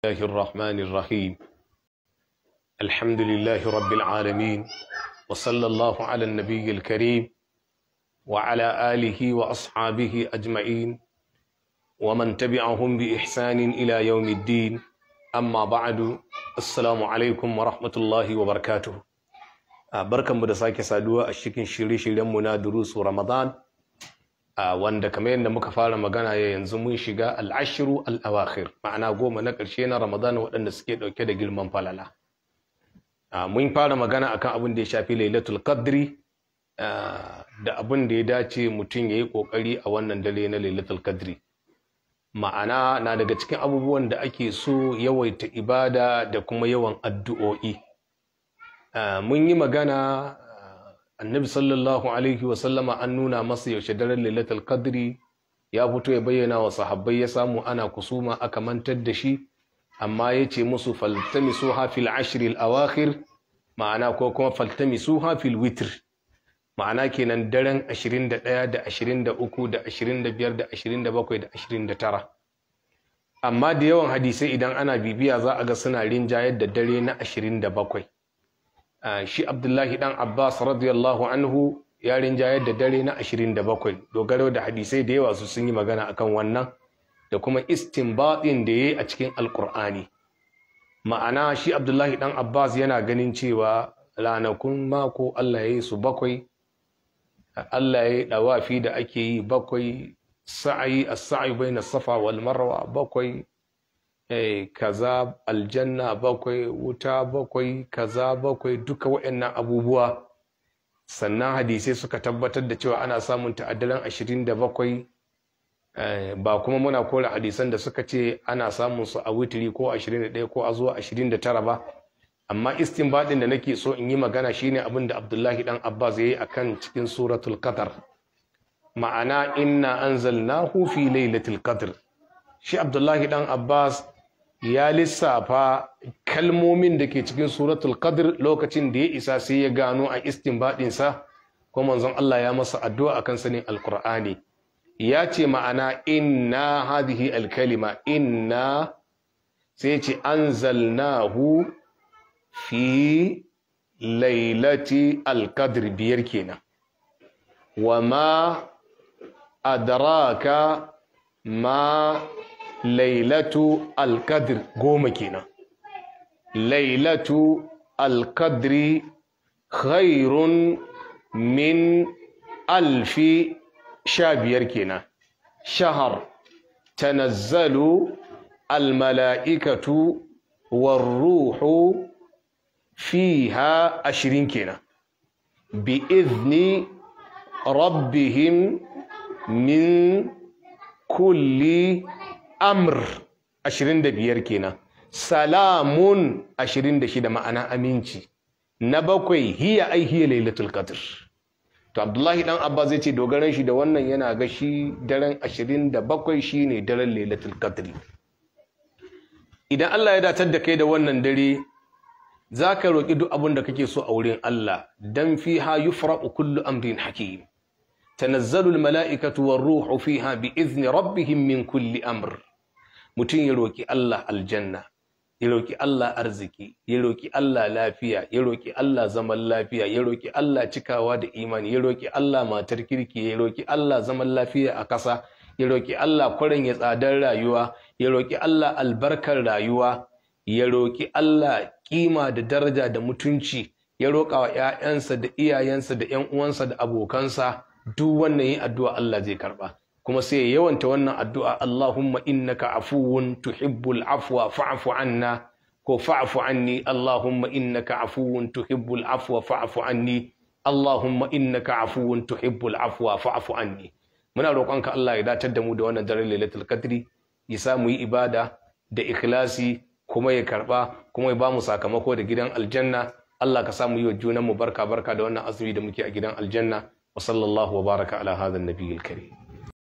الله الرحمن الرحيم الحمد لله رب العالمين وصلى الله على النبي الكريم وعلى آله وأصحابه أجمعين ومن تبعهم بإحسان إلى يوم الدين أما بعد السلام عليكم ورحمة الله وبركاته بركة مدساك سادوة الشكين شري شري منا دروس رمضان Ah, wanda kamar yadda muka fara magana ya yanzu mun shiga al'ashiru al'awakhir ma'ana goma na ƙarshe na ramadan waɗanda suke ɗauke da girman falala ah, mun fara magana akan abin da ya shafi lailatul qadri ah, da abin da ya dace mutum ya yi ƙoƙari a wannan dare na lailatul kadri. ma'ana na daga cikin abubuwan da ake so yawaita ibada da kuma yawan addu'o'i mun yi magana annabi sallallahu alaihi wa sallama an nuna masa yaushe daren lailatul qadri ya fito ya bayyana wa sahabbai ya samu ana kusuma aka mantar da shi amma ya ce musu faltamisuha fil ashri al-awakhir ma'ana ko kuma su hafil witr ma'ana kenan daren 21 da 23 da 25 da 27 da 29 amma da yawan hadisai idan ana bibiya za a ga suna rinjayar da dare na 27 Ah, shi abdullahi dan abbas radiyallahu anhu ya rinjayar da dare na 27 dogaro da hadisai da yawa su sun yi magana akan wannan da kuma istinbatin da yayi a cikin alkur'ani ma'ana shi abdullahi dan abbas yana ganin cewa ranakun mako allah ya yi su bakwai allah ya yi dawafi da ake yi bakwai sa'ayi as-sa'i na safa wal marwa bakwai Eh, kaza aljanna bakwai wuta bakwai kaza bakwai duka waɗannan abubuwa sannan hadisai suka tabbatar da cewa ana samun ta'addalan 27 eh, ba kuma muna kora hadisan da suka ce ana samun su a witiri ko 21 ko a zuwa tara ba amma istinbadin da nake so in yi magana shine abin da Abdullahi ɗan Abbas yayi akan cikin suratul qadar ma'ana inna anzalnahu fi lailatul qadr shi Abdullahi dan Abbas ya lissafa kalmomin da ke cikin suratul qadr lokacin da ya isa sai ya gano a baɗinsa, ko manzon Allah ya masa addu'a kan sanin alqur'ani ya ce ma'ana inna hadhihi alkalima inna sai ce anzalnahu fi lailati alqadr biyar kenan wa ma adraka ma lailatu alkadr goma kenan lailatu alkadri khairun min alfi sha biyar kenan shahar tanazzalu almala'ikatu warruhu fiha ashirin kenan bi izni rabbihim min kulli amr 25 kenan salamun 26 ma'ana aminci na bakwai hiya ai hiya lailatul qadr to abdullahi dan abba zai ce dogaran shi da wannan yana ga shi daren 27 shine daren lailatul qadr idan Allah ya datar da kai da wannan dare zaka roki duk abin da kake so a wurin Allah dan fiha yufra'u kullu amrin hakim tanazzalul mala'ikatu war ruhu fiha bi izni rabbihim min kulli amr mutum ya roki Allah aljanna ya roƙi Allah arziki ya roƙi Allah lafiya ya roki Allah zaman lafiya ya roki Allah cikawa da imani ya roki Allah matar kirki ya roki Allah zaman lafiya a ƙasa ya roƙi Allah kwarin ya tsadar rayuwa ya roki Allah albarkar rayuwa ya roki Allah kima da daraja da mutunci ya roƙa wa ‘ya'yansa da iyayensa da ‘yan uwansa da abokansa duk wannan yin addu'a Allah zai karɓa. kuma sai yawanta wannan addu'a Allahumma innaka afuwun tuhibbul afwa fa'fu anna ko fa'fu anni Allahumma innaka afuwun tuhibbul afwa fa'fu anni Allahumma innaka afuwun tuhibbul afwa fa'fu anni muna roƙonka Allah ya datar da mu da wannan daren Lailatul Qadri ya samu yi ibada da ikhlasi kuma ya karɓa, kuma ya bamu sakamako da gidan aljanna Allah ka samu yi wa junan mu barka barka da wannan azumi da muke a gidan aljanna wa sallallahu wa baraka ala hadha an-nabiyil karim